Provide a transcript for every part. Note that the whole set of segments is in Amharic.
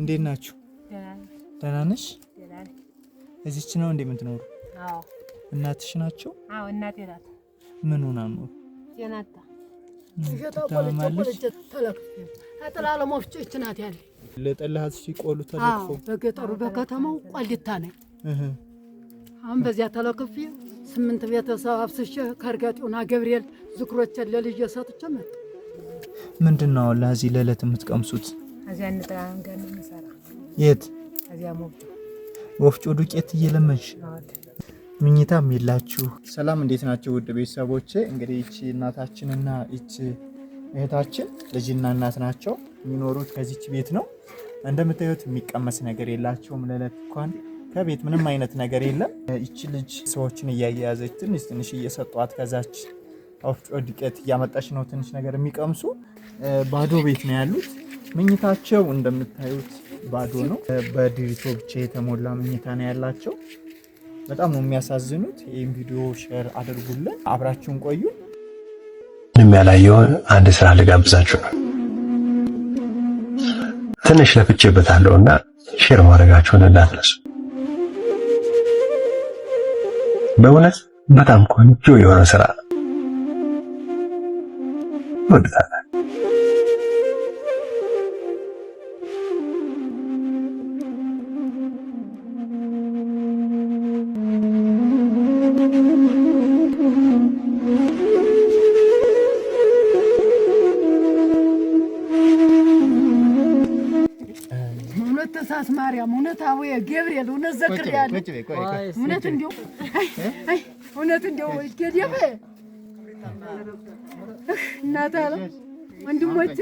እንዴት ናችሁ? ደህና ነሽ? እዚች ነው እንዴ የምትኖሩ? አዎ። እናትሽ ናቸው? አዎ፣ እናቴ ናት። ምን ሆና ነው? ጤናታ ታማለች። አጥላለ ሞፍጮች ናት ያለ ለጠላሃት ሲ ቆሉ ተለክፎ በገጠሩ በከተማው ቆልታ ነኝ። አሁን በዚያ ተለክፌ ስምንት ቤተሰብ አብስሼ ከርጋጤውና ገብርኤል ዝክሮችን ለልጅ ሰጥቼ መጣሁ። ምንድን ነው ለዚህ ለዕለት የምትቀምሱት? የት ወፍጮ ዱቄት እየለመንሽ ምኝታም የላችሁ። ሰላም እንዴት ናቸው ውድ ቤተሰቦቼ? እንግዲህ ይቺ እናታችንና ይቺ እህታችን ልጅና እናት ናቸው። የሚኖሩት ከዚች ቤት ነው። እንደምታዩት የሚቀመስ ነገር የላቸውም። ለዕለት እንኳን ከቤት ምንም አይነት ነገር የለም። ይቺ ልጅ ሰዎችን እያያያዘች ትንሽ ትንሽ እየሰጧት ከዛች ወፍጮ ዱቄት እያመጣች ነው ትንሽ ነገር የሚቀምሱ። ባዶ ቤት ነው ያሉት ምኝታቸው እንደምታዩት ባዶ ነው። በድሪቶ ብቻ የተሞላ ምኝታ ነው ያላቸው። በጣም ነው የሚያሳዝኑት። ይህም ቪዲዮ ሼር አድርጉልን፣ አብራችሁን ቆዩ። ምንም ያላየው አንድ ስራ ልጋብዛችሁ ነው። ትንሽ ለፍቼበታለሁ እና ሼር ማድረጋችሁን እንዳትረሱ። በእውነት በጣም ቆንጆ የሆነ ስራ ወድታለ ተሳስ ማርያም፣ እውነት አቡዬ ገብርኤል፣ እውነት ዘክርያለሁ፣ እውነት እንደው እውነት እንደው ገዴፈ እናት አለ ወንድሞች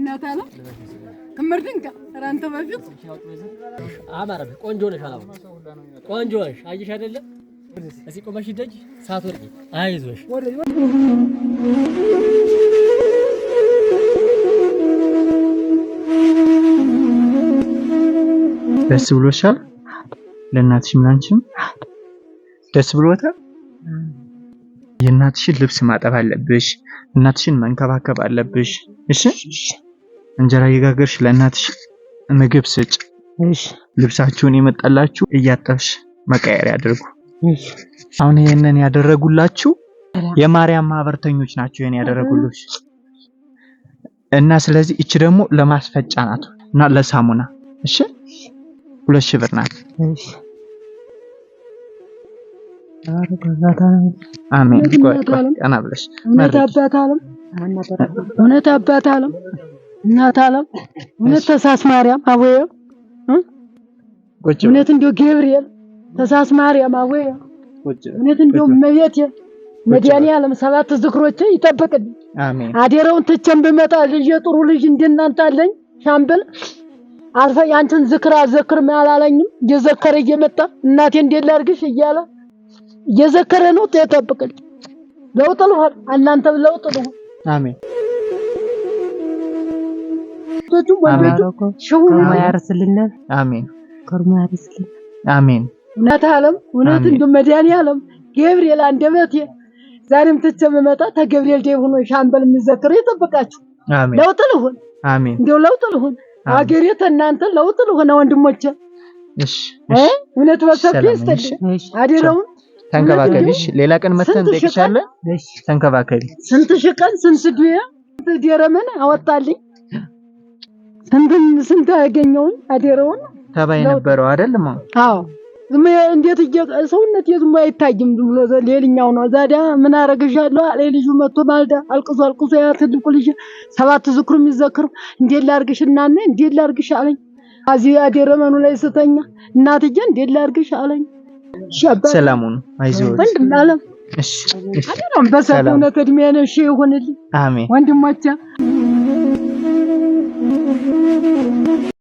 እናት አለ ክምር ድንጋ ራንተ በፊት አማረብህ። ቆንጆ ነሽ፣ አላማ ቆንጆ ነሽ። አየሽ አይደለ እዚህ ቆመሽ ደጅ ሳትወርቂ አይዞሽ ደስ ብሎሻል? ለእናትሽም ላንቺም ደስ ብሎታል? የእናትሽን ልብስ ማጠብ አለብሽ። እናትሽን መንከባከብ አለብሽ። እሺ፣ እንጀራ እየጋገርሽ ለእናትሽ ምግብ ስጭ። እሺ፣ ልብሳችሁን የመጣላችሁ እያጠብሽ መቀየር ያድርጉ። አሁን ይሄንን ያደረጉላችሁ የማርያም ማህበርተኞች ናቸው። ይሄን ያደረጉልሽ እና ስለዚህ እቺ ደግሞ ለማስፈጫ ናት እና ለሳሙና እሺ ሁለት ሺህ ብር ናት። አሜን። ቀና ብለሽ እውነት አባት አለም እናት አለም እውነት ተሳስ ማርያም አወየ እውነት እንዲያው ገብርኤል ተሳስ ማርያም አወየ እውነት እንዲያው እመቤቴ መድኃኒዓለም ሰባት ዝክሮቼ ይጠብቅልኝ። አሜን። አደረውን ትቼም ብመጣ ልጄ ጥሩ ልጅ እንደናንተ አለኝ ሻምበል አልፈ ያንተን ዝክር አዘክርም አላለኝም። እየዘከረ እየመጣ እናቴ እንዴት ላድርግሽ እያለ እየዘከረ ነው። ተጠብቀል ለውጥ ልሆን እናንተም ለውጥ ልሆን። አሜን። ሽውን ያርስልናል። አሜን። ከርሞ ያርስልን። አሜን። እውነት አለም እውነት እንደ መድኃኒዓለም ገብርኤል አንደበቴ ዛሬም ትቼ የምመጣ ተገብርኤል ደብ ሆኖ ሻምበል የሚዘክር ይጠብቃችሁ። ለውጥ ልሆን። አሜን። እንደው ለውጥ ልሆን አገሬ ተናንተ ለውጥ ለሆነ ወንድሞቼ እሺ እውነት በሰፊ ስትል አደረውን ተንከባከቢሽ። ሌላ ቀን መተን እሺ ተንከባከቢ። ስንት ሺህ ቀን ስንት ዱያ ደረመን አወጣልኝ። ስንት ስንት ያገኘውን አደረውን ተባይ ነበረው አይደልማ? አዎ እንዴት ሰውነት የዝም አይታይም ብሎ ሌልኛው ነው። ዛዲያ ምን አረግሻለሁ አለ ልጁ መጥቶ ማልዳ አልቅሶ አልቅሶ ያ ትልቁ ልጅ ሰባት ዝክሩ የሚዘክሩ እንዴት ላርግሽ እናነ እንዴት ላርግሽ አለኝ። አዚ ያደረመኑ ላይ ስተኛ እናትዬ እንዴት ላርግሽ አለኝ። ሰላሙን አይዞት ወንድም አለም እሺ በሰውነት እድሜ ነው ሺህ ይሁንልኝ። አሜን ወንድሞቼ